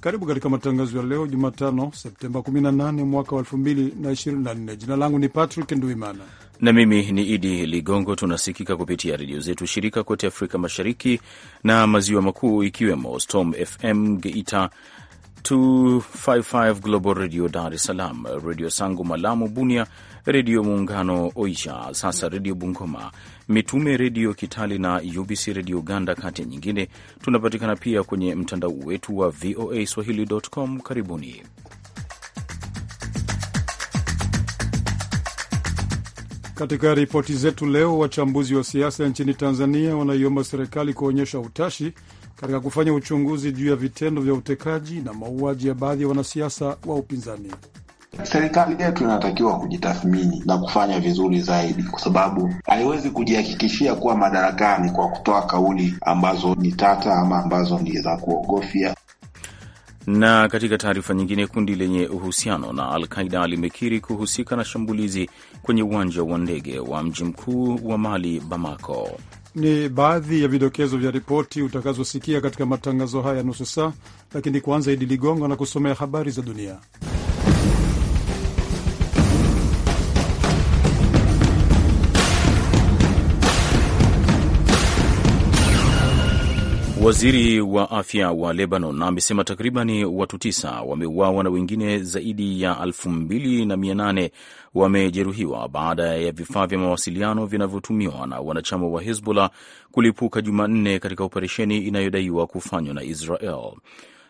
Karibu katika matangazo ya leo Jumatano, Septemba 18 mwaka wa 2024. Jina langu ni Patrick Nduimana na mimi ni Idi Ligongo. Tunasikika kupitia redio zetu shirika kote Afrika Mashariki na Maziwa Makuu, ikiwemo Storm FM Geita 255 Global Radio Dar es Salaam, Redio Sangu Malamu Bunia, Redio Muungano Oisha, Sasa Redio Bungoma, Mitume Redio kitali na UBC Redio Uganda, kati ya nyingine. Tunapatikana pia kwenye mtandao wetu wa VOA Swahili.com. Karibuni. Katika ripoti zetu leo, wachambuzi wa siasa nchini Tanzania wanaiomba serikali kuonyesha utashi katika kufanya uchunguzi juu ya vitendo vya utekaji na mauaji ya baadhi ya wanasiasa wa upinzani. Serikali yetu inatakiwa kujitathmini na kufanya vizuri zaidi, kwa sababu haiwezi kujihakikishia kuwa madarakani kwa kutoa kauli ambazo ni tata ama ambazo ni za kuogofya. Na katika taarifa nyingine, kundi lenye uhusiano na Al Qaida limekiri kuhusika na shambulizi kwenye uwanja wa ndege wa mji mkuu wa Mali, Bamako. Ni baadhi ya vidokezo vya ripoti utakazosikia katika matangazo haya nusu saa, lakini kwanza, Idi Ligongo na kusomea habari za dunia. Waziri wa afya wa Lebanon amesema takribani watu tisa wameuawa na wengine zaidi ya 28 wamejeruhiwa baada ya vifaa vya mawasiliano vinavyotumiwa na wanachama wa Hezbollah kulipuka Jumanne katika operesheni inayodaiwa kufanywa na Israel.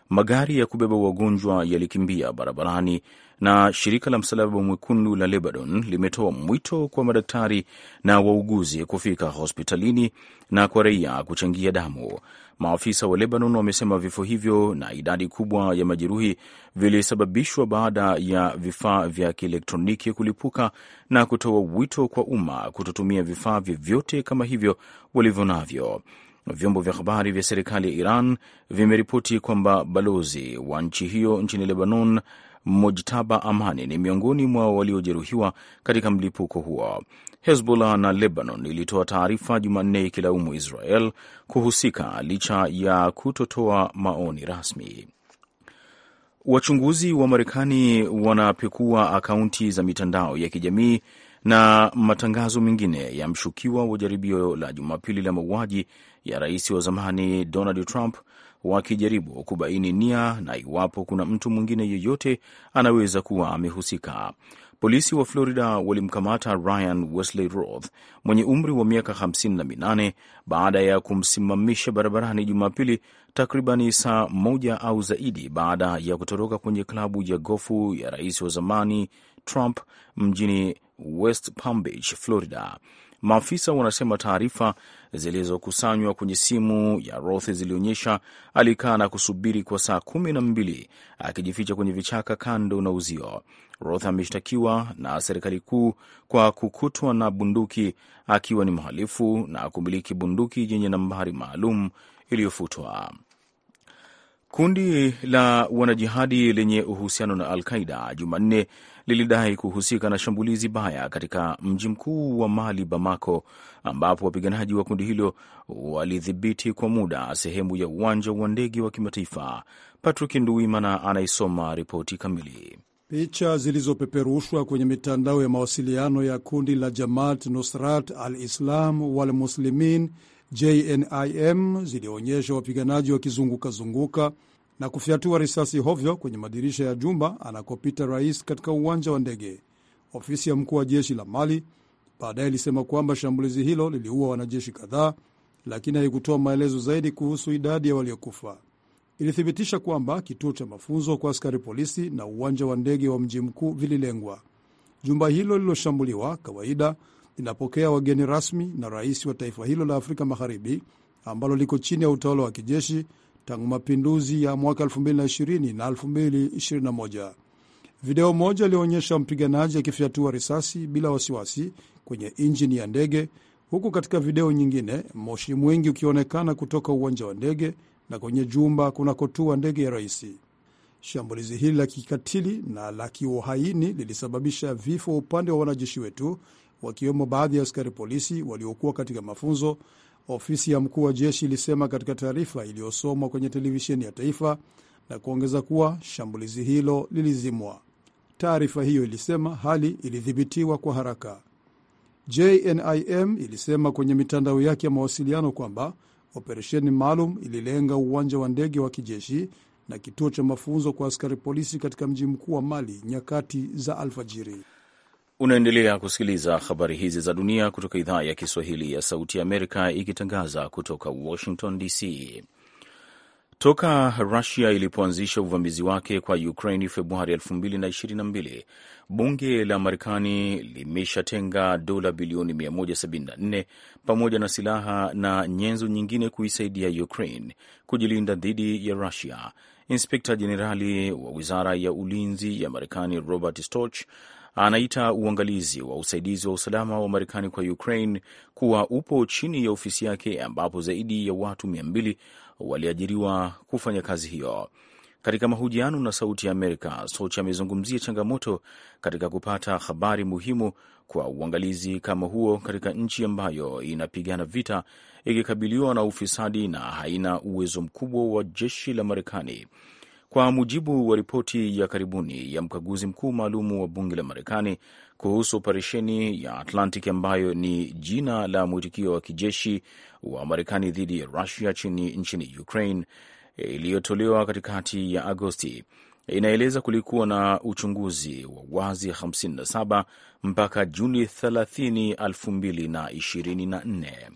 Magari ya kubeba wagonjwa yalikimbia barabarani na shirika la Msalaba Mwekundu la Lebanon limetoa mwito kwa madaktari na wauguzi kufika hospitalini na kwa raia kuchangia damu. Maafisa wa Lebanon wamesema vifo hivyo na idadi kubwa ya majeruhi vilisababishwa baada ya vifaa vya kielektroniki kulipuka na kutoa wito kwa umma kutotumia vifaa vyovyote kama hivyo walivyo navyo. Vyombo vya habari vya serikali ya Iran vimeripoti kwamba balozi wa nchi hiyo nchini Lebanon, Mojtaba Amani, ni miongoni mwa waliojeruhiwa katika mlipuko huo. Hezbollah na Lebanon ilitoa taarifa Jumanne ikilaumu Israel kuhusika licha ya kutotoa maoni rasmi. Wachunguzi wa Marekani wanapekua akaunti za mitandao ya kijamii na matangazo mengine ya mshukiwa wa jaribio la Jumapili la mauaji ya rais wa zamani Donald Trump wakijaribu kubaini nia na iwapo kuna mtu mwingine yeyote anaweza kuwa amehusika. Polisi wa Florida walimkamata Ryan Wesley Roth mwenye umri wa miaka 58 baada ya kumsimamisha barabarani Jumapili, takribani saa moja au zaidi baada ya kutoroka kwenye klabu ya gofu ya rais wa zamani Trump mjini West Palm Beach, Florida. Maafisa wanasema taarifa zilizokusanywa kwenye simu ya Roth zilionyesha alikaa na kusubiri kwa saa kumi na mbili akijificha kwenye vichaka kando na uzio. Roth ameshtakiwa na serikali kuu kwa kukutwa na bunduki akiwa ni mhalifu na kumiliki bunduki yenye nambari maalum iliyofutwa. Kundi la wanajihadi lenye uhusiano na Al Qaida Jumanne lilidai kuhusika na shambulizi baya katika mji mkuu wa Mali, Bamako, ambapo wapiganaji wa kundi hilo walidhibiti kwa muda sehemu ya uwanja wa ndege wa kimataifa. Patrick nduimana anaisoma ripoti kamili. Picha zilizopeperushwa kwenye mitandao ya mawasiliano ya kundi la Jamaat Nusrat al Islam wal Muslimin JNIM zilionyesha wapiganaji wakizungukazunguka zunguka na kufyatua risasi hovyo kwenye madirisha ya jumba anakopita rais katika uwanja wa ndege. Ofisi ya mkuu wa jeshi la Mali baadaye ilisema kwamba shambulizi hilo liliua wanajeshi kadhaa, lakini haikutoa maelezo zaidi kuhusu idadi ya waliokufa. Ilithibitisha kwamba kituo cha mafunzo kwa askari polisi na uwanja wa ndege wa mji mkuu vililengwa. Jumba hilo lililoshambuliwa kawaida linapokea wageni rasmi na rais wa taifa hilo la Afrika Magharibi ambalo liko chini ya utawala wa kijeshi tangu mapinduzi ya mwaka 2020 na 2021. Video moja ilionyesha mpiganaji akifyatua risasi bila wasiwasi kwenye injini ya ndege, huku katika video nyingine moshi mwingi ukionekana kutoka uwanja wa ndege na kwenye jumba kunakotua ndege ya rais. Shambulizi hili la kikatili na la kiuhaini lilisababisha vifo upande wa wanajeshi wetu, wakiwemo baadhi ya askari polisi waliokuwa katika mafunzo ofisi ya mkuu wa jeshi ilisema katika taarifa iliyosomwa kwenye televisheni ya taifa na kuongeza kuwa shambulizi hilo lilizimwa. Taarifa hiyo ilisema hali ilidhibitiwa kwa haraka. JNIM ilisema kwenye mitandao yake ya mawasiliano kwamba operesheni maalum ililenga uwanja wa ndege wa kijeshi na kituo cha mafunzo kwa askari polisi katika mji mkuu wa Mali nyakati za alfajiri. Unaendelea kusikiliza habari hizi za dunia kutoka idhaa ya Kiswahili ya Sauti ya Amerika ikitangaza kutoka Washington DC. Toka Rusia ilipoanzisha uvamizi wake kwa Ukraini Februari 2022 bunge la Marekani limeshatenga dola bilioni 174 pamoja na silaha na nyenzo nyingine kuisaidia Ukraine kujilinda dhidi ya Rusia. Inspekta Jenerali wa wizara ya ulinzi ya Marekani Robert Storch anaita uangalizi wa usaidizi wa usalama wa Marekani kwa Ukraine kuwa upo chini ya ofisi yake, ambapo zaidi ya watu 2 waliajiriwa kufanya kazi hiyo. Katika mahojiano na Sauti ya Amerika, Sochi amezungumzia changamoto katika kupata habari muhimu kwa uangalizi kama huo katika nchi ambayo inapigana vita ikikabiliwa na ufisadi na haina uwezo mkubwa wa jeshi la Marekani. Kwa mujibu wa ripoti ya karibuni ya mkaguzi mkuu maalum wa bunge la Marekani kuhusu operesheni ya Atlantic ambayo ni jina la mwitikio wa kijeshi wa Marekani dhidi ya Rusia chini nchini Ukraine iliyotolewa katikati ya Agosti inaeleza kulikuwa na uchunguzi wa wazi 57 mpaka Juni 30, 2024.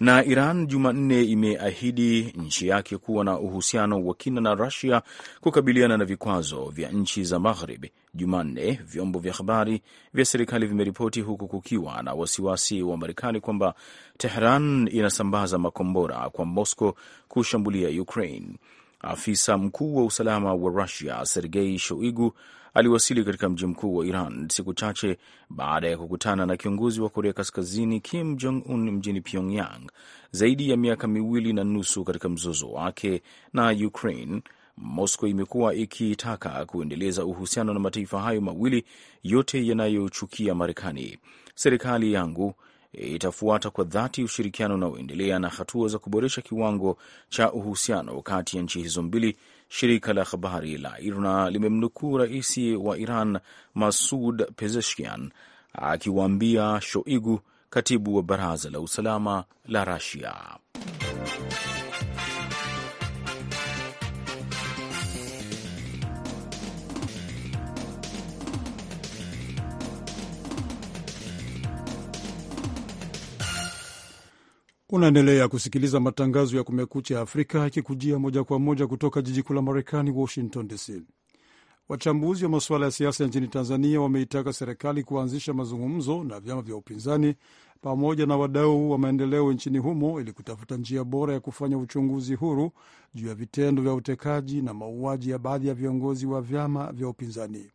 Na Iran Jumanne imeahidi nchi yake kuwa na uhusiano wa kina na Rusia kukabiliana na vikwazo vya nchi za maghrib Jumanne vyombo vya habari vya serikali vimeripoti, huku kukiwa na wasiwasi wa Marekani kwamba Tehran inasambaza makombora kwa Moscow kushambulia Ukraine. Afisa mkuu wa usalama wa Rusia Sergei Shoigu aliwasili katika mji mkuu wa Iran siku chache baada ya kukutana na kiongozi wa Korea Kaskazini Kim Jong Un mjini Pyongyang, zaidi ya miaka miwili na nusu katika mzozo wake na Ukraine. Moscow imekuwa ikitaka kuendeleza uhusiano na mataifa hayo mawili yote yanayochukia Marekani. Serikali yangu itafuata kwa dhati ushirikiano unaoendelea na hatua za kuboresha kiwango cha uhusiano kati ya nchi hizo mbili Shirika la habari la IRNA limemnukuu rais wa Iran Masud Pezeshkian akiwaambia Shoigu, katibu wa baraza la usalama la Rasia. Unaendelea kusikiliza matangazo ya Kumekucha Afrika yakikujia moja kwa moja kutoka jiji kuu la Marekani, Washington DC. Wachambuzi wa masuala ya siasa nchini Tanzania wameitaka serikali kuanzisha mazungumzo na vyama vya upinzani pamoja na wadau wa maendeleo nchini humo ili kutafuta njia bora ya kufanya uchunguzi huru juu ya vitendo vya utekaji na mauaji ya baadhi ya viongozi wa vyama vya upinzani.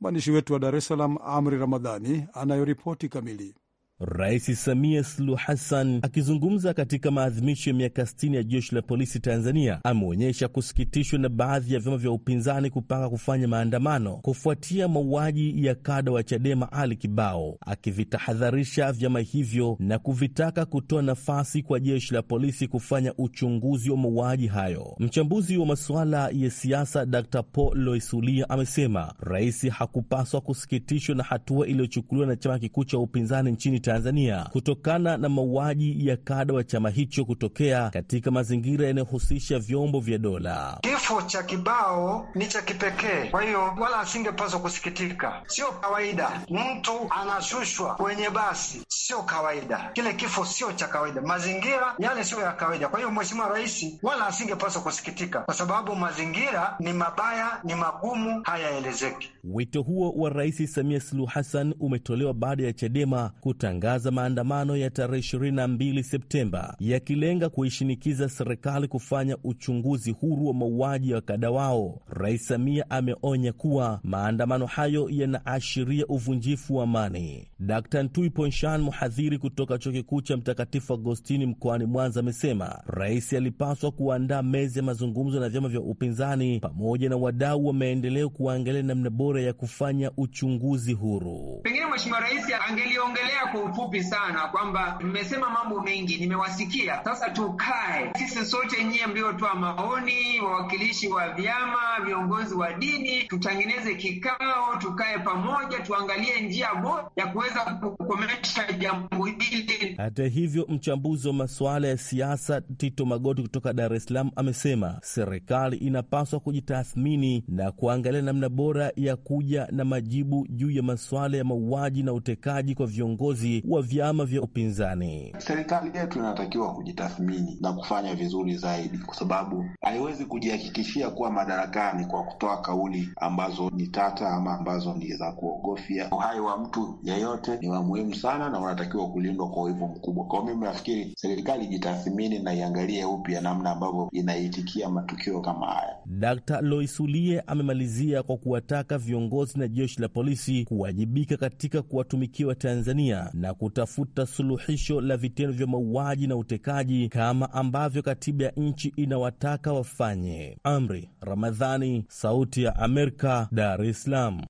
Mwandishi wetu wa Dar es Salaam, Amri Ramadhani, anayoripoti kamili. Rais Samia Suluhu Hassan akizungumza katika maadhimisho ya miaka 60 ya jeshi la polisi Tanzania ameonyesha kusikitishwa na baadhi ya vyama vya upinzani kupanga kufanya maandamano kufuatia mauaji ya kada wa Chadema Ali Kibao, akivitahadharisha vyama hivyo na kuvitaka kutoa nafasi kwa jeshi la polisi kufanya uchunguzi wa mauaji hayo. Mchambuzi wa masuala ya siasa Dr Paul Loisulia amesema rais hakupaswa kusikitishwa na hatua iliyochukuliwa na chama kikuu cha upinzani nchini Tanzania kutokana na mauaji ya kada wa chama hicho kutokea katika mazingira yanayohusisha vyombo vya dola. Kifo cha Kibao ni cha kipekee, kwa hiyo wala asingepaswa kusikitika. Sio kawaida mtu anashushwa kwenye basi, sio kawaida. Kile kifo sio cha kawaida, mazingira yale sio ya kawaida. Kwa hiyo Mheshimiwa Rais wala asingepaswa kusikitika, kwa sababu mazingira ni mabaya, ni magumu, hayaelezeki. Wito huo wa Rais Samia Suluhu Hassan umetolewa baada ya Chadema kutangaza alitangaza maandamano ya tarehe 22 Septemba yakilenga kuishinikiza serikali kufanya uchunguzi huru wa mauaji ya wakada wao. Rais Samia ameonya kuwa maandamano hayo yanaashiria uvunjifu wa amani. Dr Ntui Ponshan, mhadhiri kutoka chuo kikuu cha Mtakatifu Agostini mkoani Mwanza, amesema rais alipaswa kuandaa meza ya mazungumzo na vyama vya upinzani pamoja na wadau wa maendeleo kuangalia namna bora ya kufanya uchunguzi huru. Pengine mheshimiwa rais angeliongelea kwa ufupi sana kwamba mmesema mambo mengi, nimewasikia, sasa tukae sisi sote, nyie mliotoa maoni, wawakilishi wa vyama, viongozi wa dini, tutengeneze kikao, tukae pamoja, tuangalie njia bora ya kuweza kukomesha jambo hili. Hata hivyo, mchambuzi wa masuala ya siasa Tito Magoti kutoka Dar es Salaam amesema serikali inapaswa kujitathmini na kuangalia namna bora ya kuja na majibu juu ya masuala ya mauaji na utekaji kwa viongozi wa vyama vya upinzani. Serikali yetu inatakiwa kujitathmini na kufanya vizuri zaidi, kwa sababu haiwezi kujihakikishia kuwa madarakani kwa kutoa kauli ambazo ni tata ama ambazo ni za kuogofya uhai wa mtu yeyote yote ni wa muhimu sana na wanatakiwa kulindwa kwa uwivu mkubwa. Kwao mimi nafikiri serikali ijitathimini na iangalie upya namna ambavyo inaitikia matukio kama haya. Dkt. Loisulie amemalizia kwa kuwataka viongozi na jeshi la polisi kuwajibika katika kuwatumikia Watanzania na kutafuta suluhisho la vitendo vya mauaji na utekaji kama ambavyo katiba ya nchi inawataka wafanye. Amri Ramadhani, Sauti ya Amerika, Dar es Salaam.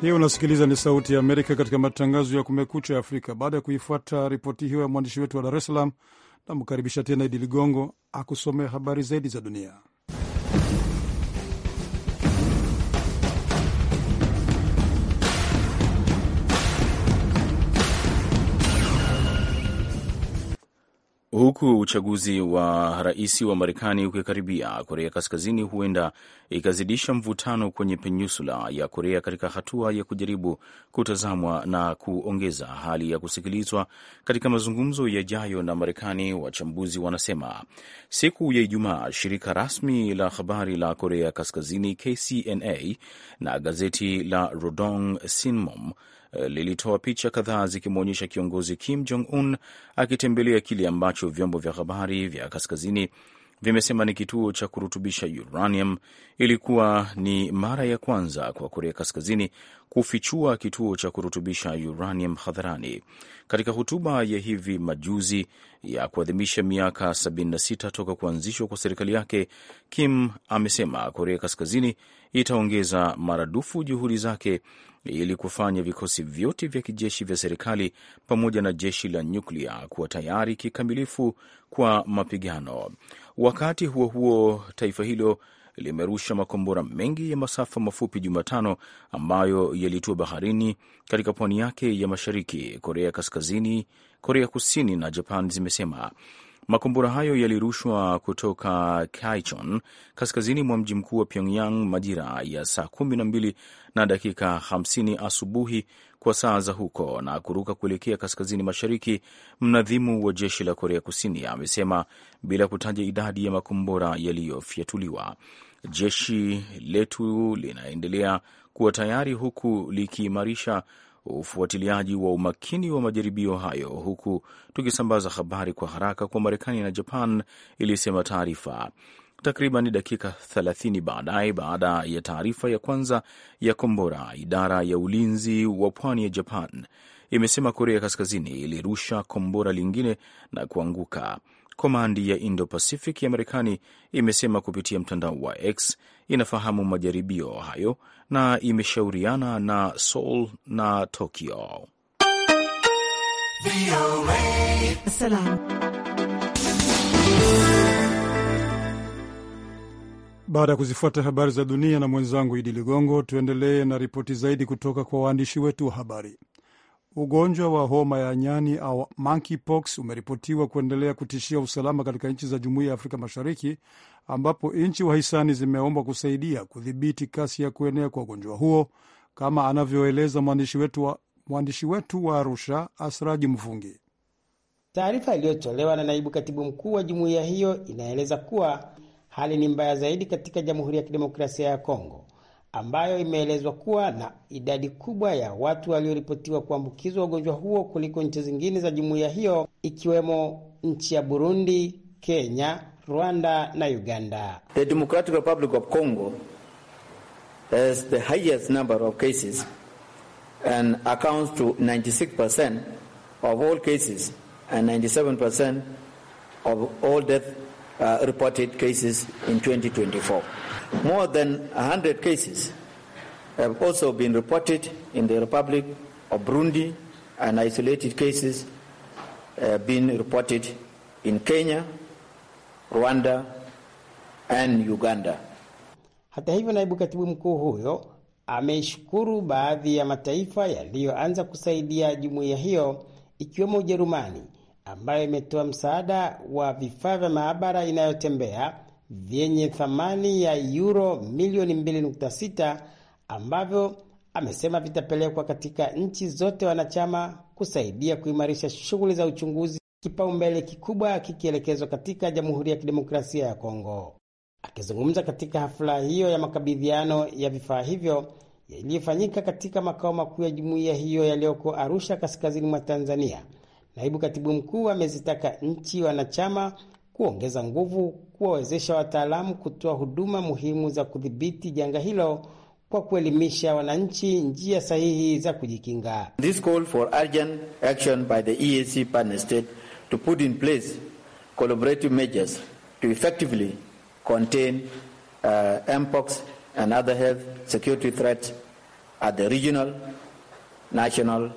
Hiyo unasikiliza ni Sauti ya Amerika katika matangazo ya Kumekucha Afrika. Baada ya kuifuata ripoti hiyo ya mwandishi wetu wa Dar es Salaam, namkaribisha tena Idi Ligongo akusomea habari zaidi za dunia. Huku uchaguzi wa rais wa Marekani ukikaribia, Korea Kaskazini huenda ikazidisha mvutano kwenye peninsula ya Korea katika hatua ya kujaribu kutazamwa na kuongeza hali ya kusikilizwa katika mazungumzo yajayo na Marekani. Wachambuzi wanasema siku ya Ijumaa, shirika rasmi la habari la Korea Kaskazini KCNA na gazeti la Rodong Sinmom Eh, lilitoa picha kadhaa zikimwonyesha kiongozi Kim Jong Un akitembelea kile ambacho vyombo vya habari vya kaskazini vimesema ni kituo cha kurutubisha uranium. Ilikuwa ni mara ya kwanza kwa Korea Kaskazini kufichua kituo cha kurutubisha uranium hadharani. Katika hotuba ya hivi majuzi ya kuadhimisha miaka 76 toka kuanzishwa kwa serikali yake, Kim amesema Korea Kaskazini itaongeza maradufu juhudi zake ili kufanya vikosi vyote vya kijeshi vya serikali pamoja na jeshi la nyuklia kuwa tayari kikamilifu kwa mapigano. Wakati huo huo, taifa hilo limerusha makombora mengi ya masafa mafupi Jumatano ambayo yalitua baharini katika pwani yake ya mashariki. Korea Kaskazini, Korea Kusini na Japan zimesema Makombora hayo yalirushwa kutoka Kaichon, kaskazini mwa mji mkuu wa Pyongyang majira ya saa kumi na dakika 50 asubuhi kwa saa za huko na kuruka kuelekea kaskazini mashariki. Mnadhimu wa jeshi la Korea Kusini amesema bila kutaja idadi ya makombora yaliyofyatuliwa. Jeshi letu linaendelea kuwa tayari huku likiimarisha ufuatiliaji wa umakini wa majaribio hayo, huku tukisambaza habari kwa haraka kwa Marekani na Japan, ilisema taarifa. Takriban dakika 30 baadaye, baada ya taarifa ya kwanza ya kombora, idara ya ulinzi wa pwani ya Japan imesema Korea Kaskazini ilirusha kombora lingine na kuanguka. Komandi ya Indo Pacific ya Marekani imesema kupitia mtandao wa X inafahamu majaribio hayo na imeshauriana na Seoul na Tokyo. Baada ya kuzifuata habari za dunia na mwenzangu Idi Ligongo, tuendelee na ripoti zaidi kutoka kwa waandishi wetu wa habari. Ugonjwa wa homa ya nyani au monkeypox umeripotiwa kuendelea kutishia usalama katika nchi za jumuiya ya Afrika Mashariki ambapo nchi wahisani zimeombwa kusaidia kudhibiti kasi ya kuenea kwa ugonjwa huo, kama anavyoeleza mwandishi wetu wa, mwandishi wetu wa Arusha, Asraji Mvungi. Taarifa iliyotolewa na naibu katibu mkuu wa jumuiya hiyo inaeleza kuwa hali ni mbaya zaidi katika Jamhuri ya Kidemokrasia ya Kongo ambayo imeelezwa kuwa na idadi kubwa ya watu walioripotiwa kuambukizwa ugonjwa huo kuliko nchi zingine za jumuiya hiyo ikiwemo nchi ya Burundi, Kenya, Rwanda na Uganda. The Democratic Republic of Congo has the highest number of cases and accounts to 96% of all cases and 97% of all death uh, reported cases in 2024. More than 100 cases have also been reported in the Republic of Burundi and isolated cases have being reported in Kenya, Rwanda and Uganda. Hata hivyo, naibu katibu mkuu huyo ameishukuru baadhi ya mataifa yaliyoanza kusaidia jumuiya hiyo ikiwemo Ujerumani ambayo imetoa msaada wa vifaa vya maabara inayotembea vyenye thamani ya euro milioni 2.6 ambavyo amesema vitapelekwa katika nchi zote wanachama kusaidia kuimarisha shughuli za uchunguzi kipaumbele kikubwa kikielekezwa katika Jamhuri ya Kidemokrasia ya Kongo. Akizungumza katika hafla hiyo ya makabidhiano ya vifaa hivyo yaliyofanyika katika makao makuu ya jumuiya hiyo yaliyoko Arusha, kaskazini mwa Tanzania, naibu katibu mkuu amezitaka nchi wanachama kuongeza nguvu kuwawezesha wataalamu kutoa huduma muhimu za kudhibiti janga hilo kwa kuelimisha wananchi njia sahihi za kujikinga. This call for urgent action by the EAC partner state to put in place collaborative measures to effectively contain uh, MPOX and other health security threats at the regional, national,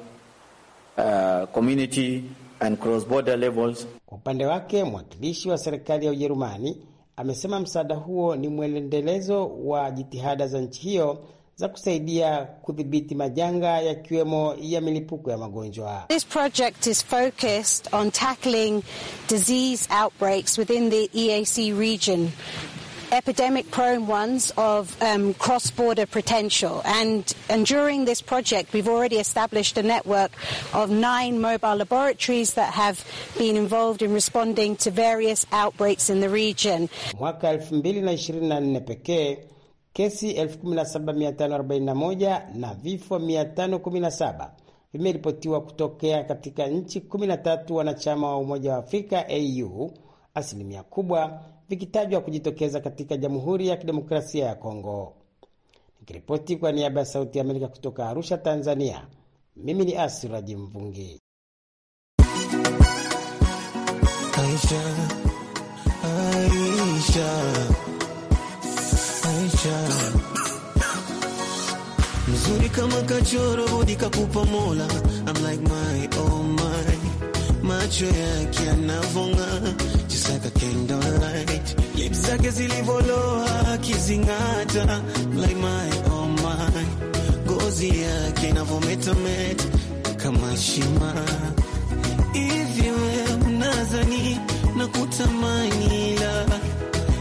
uh, community and cross-border levels. Kwa upande wake mwakilishi wa serikali ya Ujerumani amesema msaada huo ni mwendelezo wa jitihada za nchi hiyo za kusaidia kudhibiti majanga yakiwemo ya milipuko ya magonjwa. This project is focused on tackling disease outbreaks within the EAC region epidemic prone ones of um, cross border potential. And, and during this project, we've already established a network of nine mobile laboratories that have been involved in responding to various outbreaks in the region. Mwaka 2024 pekee kesi 17541 na vifo 517 vimeripotiwa kutokea katika nchi 13 wanachama wa Umoja wa Afrika AU, asilimia kubwa vikitajwa kujitokeza katika Jamhuri ya Kidemokrasia ya Kongo. Nikiripoti kwa niaba ya Sauti ya Amerika kutoka Arusha, Tanzania, mimi ni Asiraji Mvungi. Aisha, Aisha kujificha mzuri kama kachoro hodi kakupa Mola. I'm like my oh my, macho yake anavonga just like a candlelight, lips zake zilivoloa kizingata. I'm like my oh my, gozi yake inavometameta kama shima hivyo, mnazani na kutamani la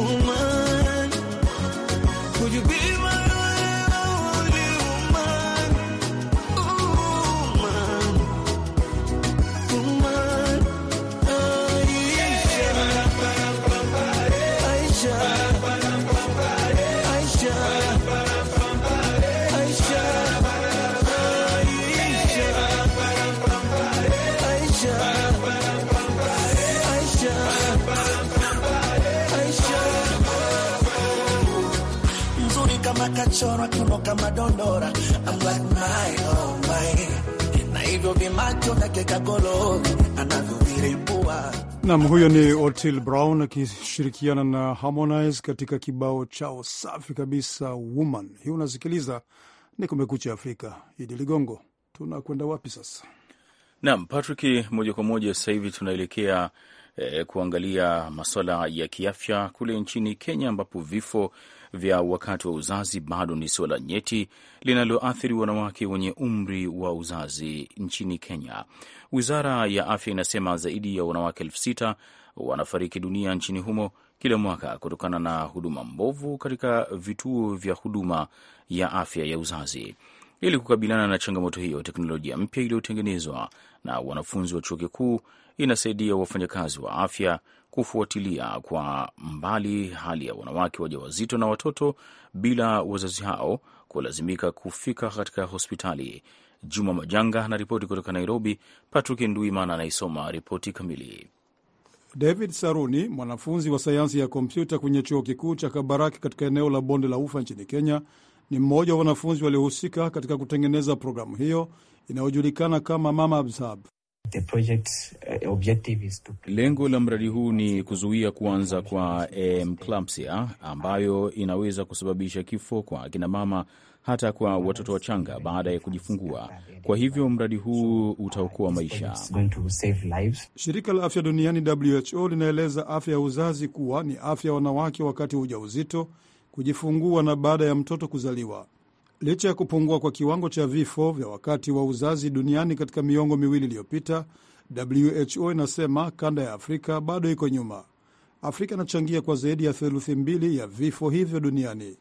woman? Could you be my Nam, huyo ni otil Brown akishirikiana na Harmonize katika kibao chao safi kabisa Woman. Hii unasikiliza ni Kumekucha Afrika. Idi Ligongo, tunakwenda wapi sasa? Nam Patrick, moja kwa moja sasa hivi tunaelekea eh, kuangalia maswala ya kiafya kule nchini Kenya ambapo vifo vya wakati wa uzazi bado ni suala nyeti linaloathiri wanawake wenye umri wa uzazi nchini Kenya. Wizara ya Afya inasema zaidi ya wanawake elfu sita wanafariki dunia nchini humo kila mwaka kutokana na huduma mbovu katika vituo vya huduma ya afya ya uzazi. Ili kukabiliana na changamoto hiyo, teknolojia mpya iliyotengenezwa na wanafunzi wa chuo kikuu inasaidia wafanyakazi wa afya kufuatilia kwa mbali hali ya wanawake wajawazito na watoto bila wazazi hao kulazimika kufika katika hospitali. Juma Majanga anaripoti kutoka Nairobi. Patrick Nduimana anaisoma ripoti kamili. David Saruni, mwanafunzi wa sayansi ya kompyuta kwenye chuo kikuu cha Kabaraki katika eneo la bonde la ufa nchini Kenya, ni mmoja wa wanafunzi waliohusika katika kutengeneza programu hiyo inayojulikana kama Mama Absab. The project, uh, objective is to... Lengo la mradi huu ni kuzuia kuanza kwa eclampsia eh, ambayo inaweza kusababisha kifo kwa akinamama hata kwa watoto wachanga baada ya kujifungua. Kwa hivyo mradi huu utaokoa maisha. Shirika la afya duniani WHO linaeleza afya ya uzazi kuwa ni afya ya wanawake wakati wa ujauzito, kujifungua na baada ya mtoto kuzaliwa. Licha ya kupungua kwa kiwango cha vifo vya wakati wa uzazi duniani katika miongo miwili iliyopita, WHO inasema kanda ya Afrika bado iko nyuma. Afrika inachangia kwa zaidi ya theluthi mbili ya vifo hivyo duniani.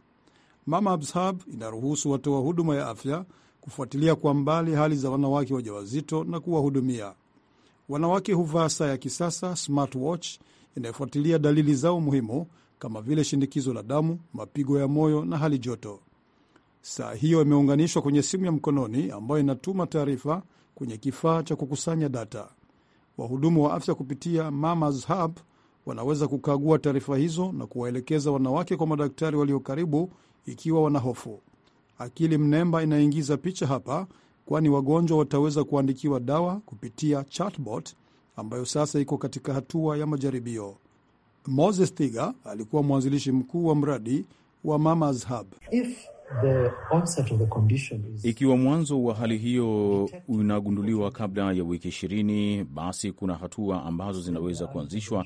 Mama Abs Hub inaruhusu watoa huduma ya afya kufuatilia kwa mbali hali za wanawake wajawazito na kuwahudumia. Wanawake huvaa saa ya kisasa smartwatch inayofuatilia dalili zao muhimu kama vile shinikizo la damu, mapigo ya moyo na hali joto. Saa hiyo imeunganishwa kwenye simu ya mkononi ambayo inatuma taarifa kwenye kifaa cha kukusanya data. Wahudumu wa afya kupitia Mama's Hub wanaweza kukagua taarifa hizo na kuwaelekeza wanawake kwa madaktari walio karibu ikiwa wana hofu. Akili mnemba inaingiza picha hapa, kwani wagonjwa wataweza kuandikiwa dawa kupitia chatbot ambayo sasa iko katika hatua ya majaribio. Moses Tiga alikuwa mwanzilishi mkuu wa mradi wa Mama's Hub. If ikiwa mwanzo wa hali hiyo unagunduliwa kabla ya wiki ishirini, basi kuna hatua ambazo zinaweza kuanzishwa.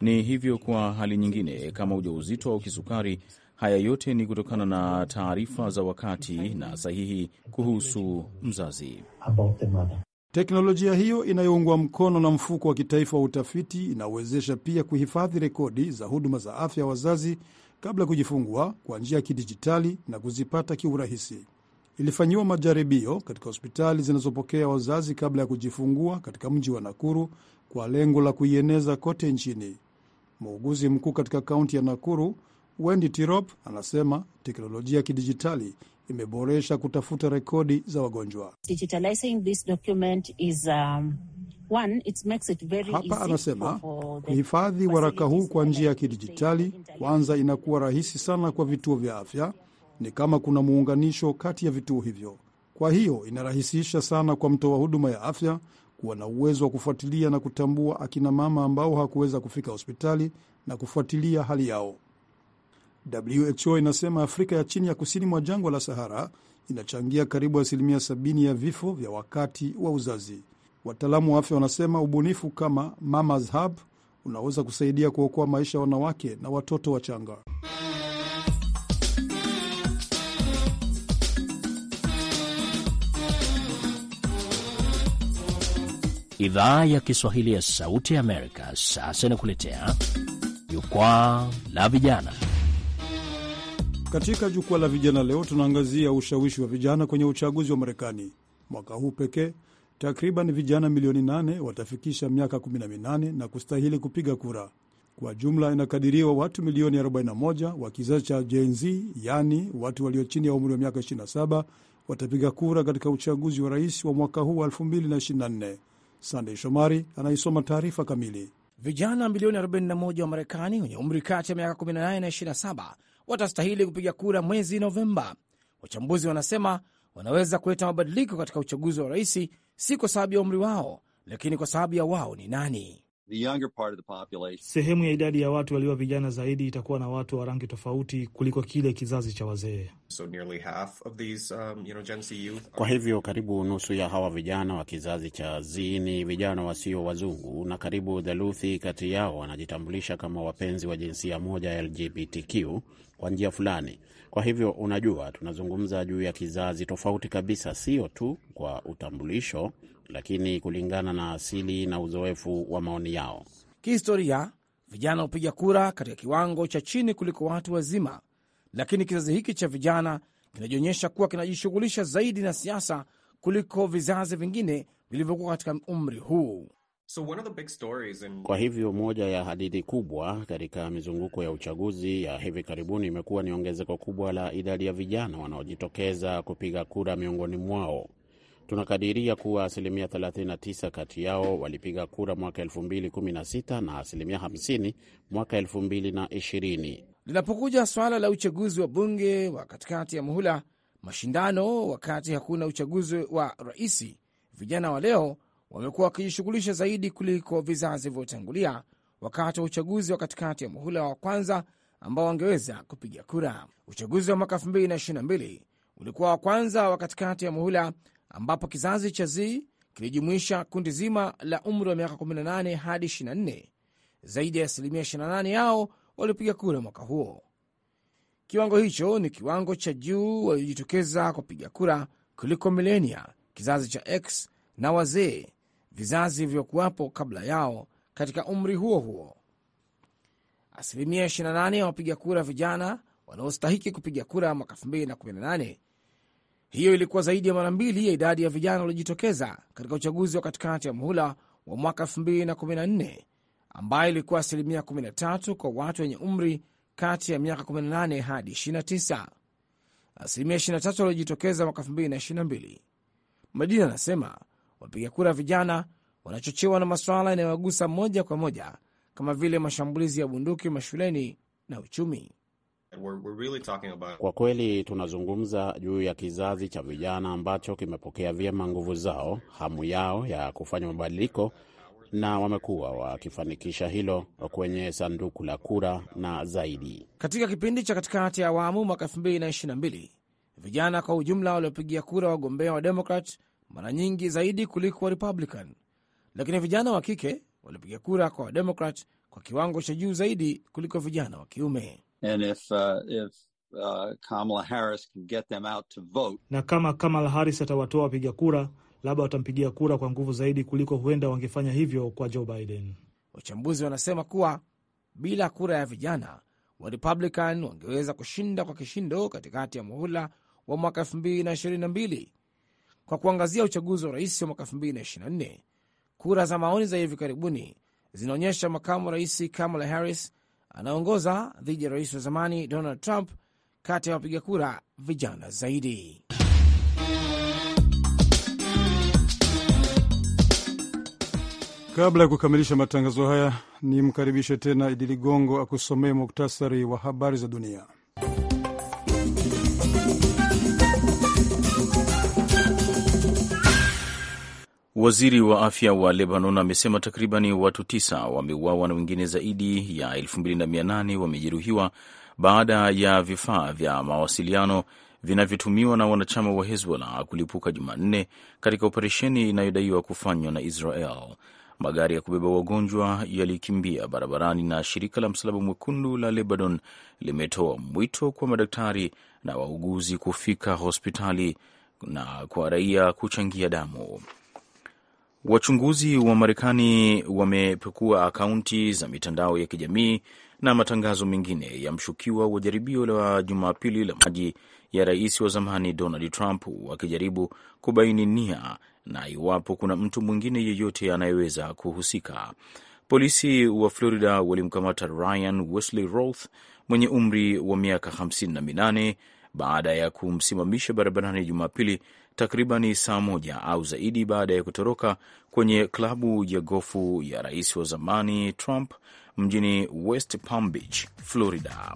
Ni hivyo kwa hali nyingine kama ujauzito au kisukari. Haya yote ni kutokana na taarifa za wakati na sahihi kuhusu mzazi. Teknolojia hiyo inayoungwa mkono na mfuko wa kitaifa wa utafiti inawezesha pia kuhifadhi rekodi za huduma za afya wazazi kabla ya kujifungua kwa njia ya kidijitali na kuzipata kiurahisi. Ilifanyiwa majaribio katika hospitali zinazopokea wazazi kabla ya kujifungua katika mji wa Nakuru kwa lengo la kuieneza kote nchini. Muuguzi mkuu katika kaunti ya Nakuru, Wendy Tirop, anasema teknolojia ya kidijitali imeboresha kutafuta rekodi za wagonjwa hapa Anasema kuhifadhi waraka huu kwa njia ya kidijitali, kwanza inakuwa rahisi sana kwa vituo vya afya, ni kama kuna muunganisho kati ya vituo hivyo. Kwa hiyo inarahisisha sana kwa mtoa huduma ya afya kuwa na uwezo wa kufuatilia na kutambua akina mama ambao hakuweza kufika hospitali na kufuatilia hali yao. WHO inasema Afrika ya chini ya kusini mwa jangwa la Sahara inachangia karibu asilimia 70 ya vifo vya wakati wa uzazi. Wataalamu wa afya wanasema ubunifu kama Mama's Hub unaweza kusaidia kuokoa maisha ya wanawake na watoto wachanga. Idhaa ya Kiswahili ya Sauti ya Amerika sasa inakuletea jukwaa la vijana. Katika jukwaa la vijana leo, tunaangazia ushawishi wa vijana kwenye uchaguzi wa Marekani. Mwaka huu pekee Takriban vijana milioni nane watafikisha miaka 18 na kustahili kupiga kura. Kwa jumla, inakadiriwa watu milioni 41 wa kizazi cha Gen Z, yaani watu walio chini ya umri wa miaka 27 watapiga kura katika uchaguzi wa rais wa mwaka huu wa 2024. Sandey Shomari anaisoma taarifa kamili. Vijana milioni 41 wa Marekani wenye umri kati ya miaka 18 na 27 watastahili kupiga kura mwezi Novemba. Wachambuzi wanasema wanaweza kuleta mabadiliko katika uchaguzi wa raisi si kwa sababu ya umri wao, lakini kwa sababu ya wao ni nani. Sehemu ya idadi ya watu walio vijana zaidi itakuwa na watu wa rangi tofauti kuliko kile kizazi cha wazee. So half of these, um, you know, Gen Z youth... Kwa hivyo karibu nusu ya hawa vijana wa kizazi cha Z ni vijana wasio wazungu na karibu theluthi kati yao wanajitambulisha kama wapenzi wa jinsia moja LGBTQ kwa njia fulani. Kwa hivyo unajua, tunazungumza juu ya kizazi tofauti kabisa, sio tu kwa utambulisho, lakini kulingana na asili na uzoefu wa maoni yao. Kihistoria, vijana hupiga kura katika kiwango cha chini kuliko watu wazima, lakini kizazi hiki cha vijana kinajionyesha kuwa kinajishughulisha zaidi na siasa kuliko vizazi vingine vilivyokuwa katika umri huu. Kwa hivyo moja ya hadithi kubwa katika mizunguko ya uchaguzi ya hivi karibuni imekuwa ni ongezeko kubwa la idadi ya vijana wanaojitokeza kupiga kura miongoni mwao. Tunakadiria kuwa asilimia 39 kati yao walipiga kura mwaka 2016 na asilimia 50 mwaka 2020. Linapokuja swala la uchaguzi wa bunge wa katikati ya muhula, mashindano wakati hakuna uchaguzi wa raisi, vijana wa leo wamekuwa wakijishughulisha zaidi kuliko vizazi vilivyotangulia wakati wa uchaguzi wa katikati ya muhula wa kwanza ambao wangeweza kupiga kura. Uchaguzi wa mwaka 2022 ulikuwa wa kwanza wa katikati ya muhula ambapo kizazi cha Z kilijumuisha kundi zima la umri wa miaka 18 hadi 24. Zaidi ya asilimia 28 yao walipiga kura mwaka huo. Kiwango hicho ni kiwango cha juu waliojitokeza kupiga kura kuliko milenia, kizazi cha X na wazee vizazi vilivyokuwapo kabla yao katika umri huo huo. Asilimia 28 ya wapiga kura vijana wanaostahiki kupiga kura mwaka 2018. Hiyo ilikuwa zaidi ya mara mbili ya idadi ya vijana waliojitokeza katika uchaguzi wa katikati ya muhula wa mwaka 2014 ambayo ilikuwa asilimia 13 kwa watu wenye umri kati ya miaka 18 hadi 29. Asilimia 23 waliojitokeza mwaka 2022. Madina anasema wapiga kura vijana wanachochewa na masuala yanayowagusa moja kwa moja kama vile mashambulizi ya bunduki mashuleni na uchumi. Really about... Kwa kweli tunazungumza juu ya kizazi cha vijana ambacho kimepokea vyema nguvu zao, hamu yao ya kufanya mabadiliko, na wamekuwa wakifanikisha hilo kwenye sanduku la kura na zaidi. Katika kipindi cha katikati ya awamu mwaka 2022 vijana kwa ujumla waliopigia kura wagombea wa Demokrat mara nyingi zaidi kuliko Warepublican, lakini vijana wa kike walipiga kura kwa Wademokrat kwa kiwango cha juu zaidi kuliko vijana wa kiume. Na kama Kamala Harris atawatoa wapiga kura, labda watampigia kura kwa nguvu zaidi kuliko huenda wangefanya hivyo kwa Joe Biden. Wachambuzi wanasema kuwa bila kura ya vijana Warepublican wangeweza kushinda kwa kishindo katikati ya muhula wa mwaka 2022 kwa kuangazia uchaguzi wa rais wa mwaka 2024. Kura za maoni za hivi karibuni zinaonyesha makamu rais Kamala Harris anaongoza dhidi ya rais wa zamani Donald Trump kati ya wapiga kura vijana zaidi. Kabla ya kukamilisha matangazo haya, nimkaribishe tena Idi Ligongo akusomee muktasari wa habari za dunia. Waziri wa afya wa Lebanon amesema takribani watu tisa wameuawa na wengine zaidi ya 2800 wamejeruhiwa baada ya vifaa vya mawasiliano vinavyotumiwa na wanachama wa Hezbollah kulipuka Jumanne katika operesheni inayodaiwa kufanywa na Israel. Magari ya kubeba wagonjwa yalikimbia barabarani na shirika la Msalaba Mwekundu la Lebanon limetoa mwito kwa madaktari na wauguzi kufika hospitali na kwa raia kuchangia damu. Wachunguzi wa Marekani wamepekua akaunti za mitandao ya kijamii na matangazo mengine ya mshukiwa wa jaribio la Jumapili la maji ya rais wa zamani Donald Trump, wakijaribu kubaini nia na iwapo kuna mtu mwingine yeyote anayeweza kuhusika. Polisi wa Florida walimkamata Ryan Wesley Roth mwenye umri wa miaka 58 baada ya kumsimamisha barabarani Jumapili takribani saa moja au zaidi baada ya kutoroka kwenye klabu ya gofu ya rais wa zamani Trump mjini West Palm Beach, Florida.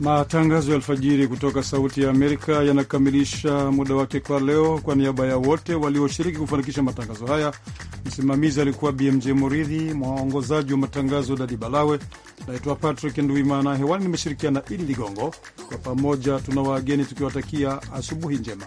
Matangazo ya alfajiri kutoka Sauti ya Amerika yanakamilisha muda wake kwa leo. Kwa niaba ya wote walioshiriki kufanikisha matangazo haya, msimamizi alikuwa BMJ Moridhi, mwaongozaji wa matangazo Dadi Balawe. Naitwa Patrick Nduimana, hewani nimeshirikiana Idi Ligongo. Kwa pamoja tuna wageni tukiwatakia asubuhi njema.